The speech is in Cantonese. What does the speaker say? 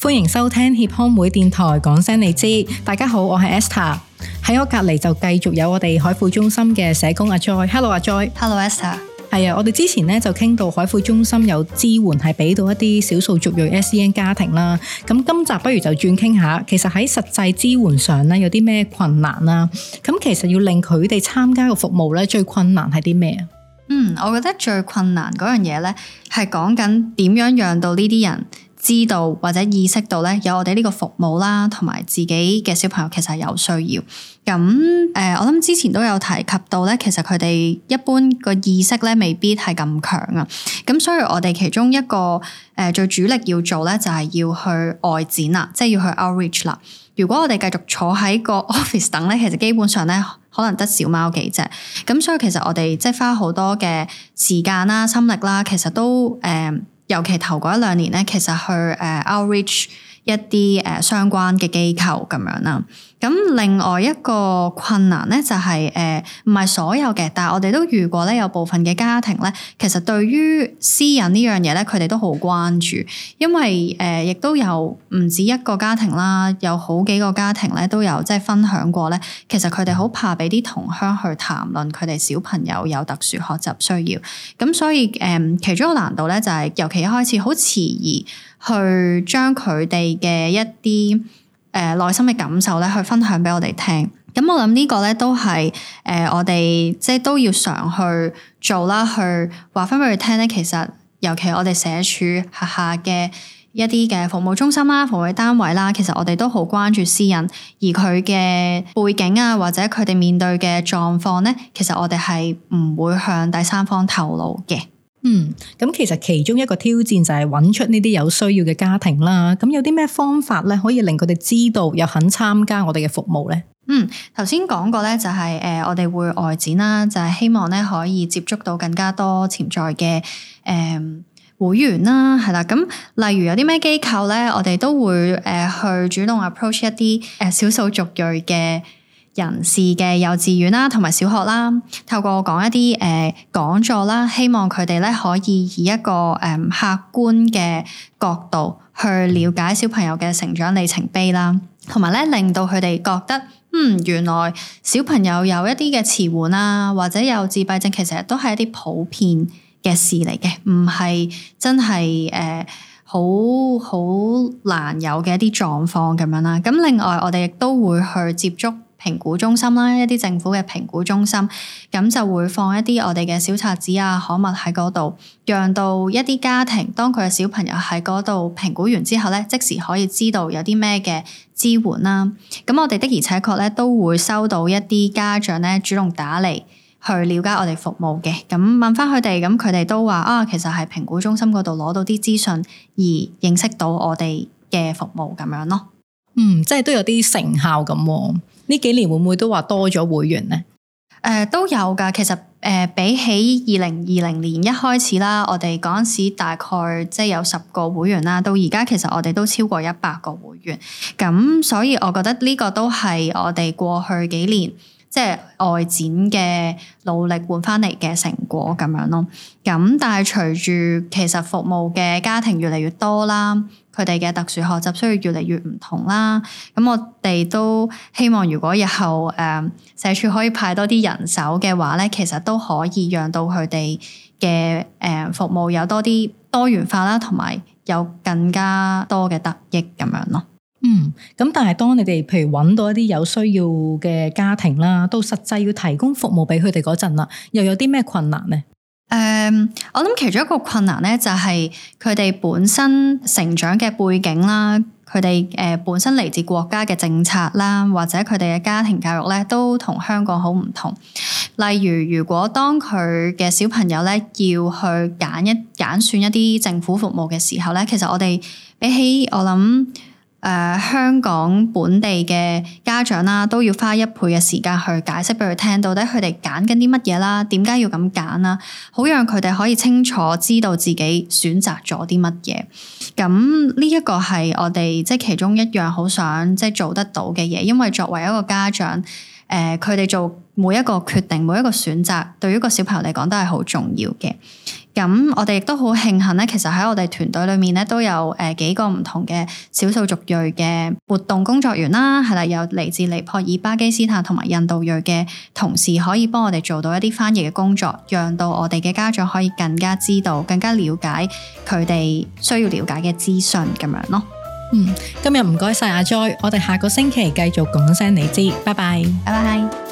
歡迎收聽協康會電台講聲你知，大家好，我係 Esther，喺我隔籬就繼續有我哋海富中心嘅社工阿 Joy，Hello 阿 Joy，Hello Esther，係啊，我哋之前咧就傾到海富中心有支援係俾到一啲少數族裔 SEN 家庭啦，咁今集不如就轉傾下，其實喺實際支援上咧有啲咩困難啊？咁其實要令佢哋參加個服務咧，最困難係啲咩啊？嗯，我覺得最困難嗰樣嘢咧係講緊點樣讓到呢啲人。知道或者意識到咧，有我哋呢個服務啦，同埋自己嘅小朋友其實係有需要。咁誒、呃，我諗之前都有提及到咧，其實佢哋一般個意識咧，未必係咁強啊。咁所以，我哋其中一個誒、呃、最主力要做咧，就係、是、要去外展啦，即係要去 outreach 啦。如果我哋繼續坐喺個 office 等咧，其實基本上咧，可能得小貓幾隻。咁所以，其實我哋即係花好多嘅時間啦、心力啦，其實都誒。呃尤其頭嗰一兩年咧，其實去誒 outreach 一啲誒相關嘅機構咁樣啦。咁另外一個困難咧、就是，就係誒唔係所有嘅，但係我哋都遇過咧，有部分嘅家庭咧，其實對於私隱呢樣嘢咧，佢哋都好關注，因為誒、呃、亦都有唔止一個家庭啦，有好幾個家庭咧都有即係分享過咧，其實佢哋好怕俾啲同鄉去談論佢哋小朋友有特殊學習需要，咁、嗯、所以誒、呃、其中一個難度咧就係、是、尤其一開始好遲疑去將佢哋嘅一啲。誒、呃、內心嘅感受咧，去分享俾我哋聽。咁我諗呢個咧都係誒、呃、我哋即係都要常去做啦，去話翻俾佢聽咧。其實尤其我哋社署轄下嘅一啲嘅服務中心啦、服務單位啦，其實我哋都好關注私隱，而佢嘅背景啊，或者佢哋面對嘅狀況咧，其實我哋係唔會向第三方透露嘅。嗯，咁其實其中一個挑戰就係揾出呢啲有需要嘅家庭啦。咁有啲咩方法咧，可以令佢哋知道又肯參加我哋嘅服務咧？嗯，頭先講過咧、就係，就係誒我哋會外展啦，就係、係、希望咧可以接觸到更加多潛在嘅誒、呃、會員啦，係啦。咁例如有啲咩機構咧，我哋都會誒、呃、去主動 approach 一啲誒少數族裔嘅人士嘅幼稚園啦，同埋小學啦，透過講一啲誒講座啦，希望佢哋咧可以以一個誒、呃、客觀嘅角度去了解小朋友嘅成長里程碑啦，同埋咧令到佢哋覺得，嗯，原來小朋友有一啲嘅遲緩啊，或者有自閉症，其實都係一啲普遍嘅事嚟嘅，唔係真係誒好好難有嘅一啲狀況咁樣啦。咁另外，我哋亦都會去接觸。評估中心啦，一啲政府嘅評估中心，咁就會放一啲我哋嘅小冊子啊、刊物喺嗰度，讓到一啲家庭，當佢嘅小朋友喺嗰度評估完之後咧，即時可以知道有啲咩嘅支援啦。咁我哋的而且確咧都會收到一啲家長咧主動打嚟去了解我哋服務嘅。咁問翻，佢哋咁佢哋都話啊，其實係評估中心嗰度攞到啲資訊而認識到我哋嘅服務咁樣咯。嗯，即係都有啲成效咁。呢幾年會唔會都話多咗會員呢？誒、呃、都有㗎，其實誒、呃、比起二零二零年一開始啦，我哋嗰陣時大概即係有十個會員啦，到而家其實我哋都超過一百個會員，咁所以我覺得呢個都係我哋過去幾年，即係外展嘅努力換翻嚟嘅成果咁樣咯，咁但係隨住其實服務嘅家庭越嚟越多啦，佢哋嘅特殊學習需要越嚟越唔同啦，咁我哋都希望如果日後誒社署可以派多啲人手嘅話咧，其實都可以讓到佢哋嘅誒服務有多啲多元化啦，同埋有更加多嘅得益咁樣咯。嗯，咁但係當你哋譬如揾到一啲有需要嘅家庭啦，到實際要提供服務俾佢哋嗰陣啦，又有啲咩困難呢？誒、嗯，我諗其中一個困難咧，就係佢哋本身成長嘅背景啦，佢哋誒本身嚟自國家嘅政策啦，或者佢哋嘅家庭教育咧，都同香港好唔同。例如，如果當佢嘅小朋友咧要去揀一揀選一啲政府服務嘅時候咧，其實我哋比起我諗。誒、呃、香港本地嘅家長啦，都要花一倍嘅時間去解釋俾佢聽，到底佢哋揀緊啲乜嘢啦？點解要咁揀啦？好讓佢哋可以清楚知道自己選擇咗啲乜嘢。咁呢一個係我哋即係其中一樣好想即係做得到嘅嘢，因為作為一個家長，誒佢哋做每一個決定、每一個選擇，對於一個小朋友嚟講都係好重要嘅。咁我哋亦都好慶幸咧，其實喺我哋團隊裏面咧都有誒、呃、幾個唔同嘅少數族裔嘅活動工作員啦，係啦，有嚟自尼泊爾、巴基斯坦同埋印度裔嘅同事，可以幫我哋做到一啲翻譯嘅工作，讓到我哋嘅家長可以更加知道、更加了解佢哋需要了解嘅資訊咁樣咯。嗯，今日唔該晒阿 Joy，我哋下個星期繼續講聲你知，拜拜，拜拜。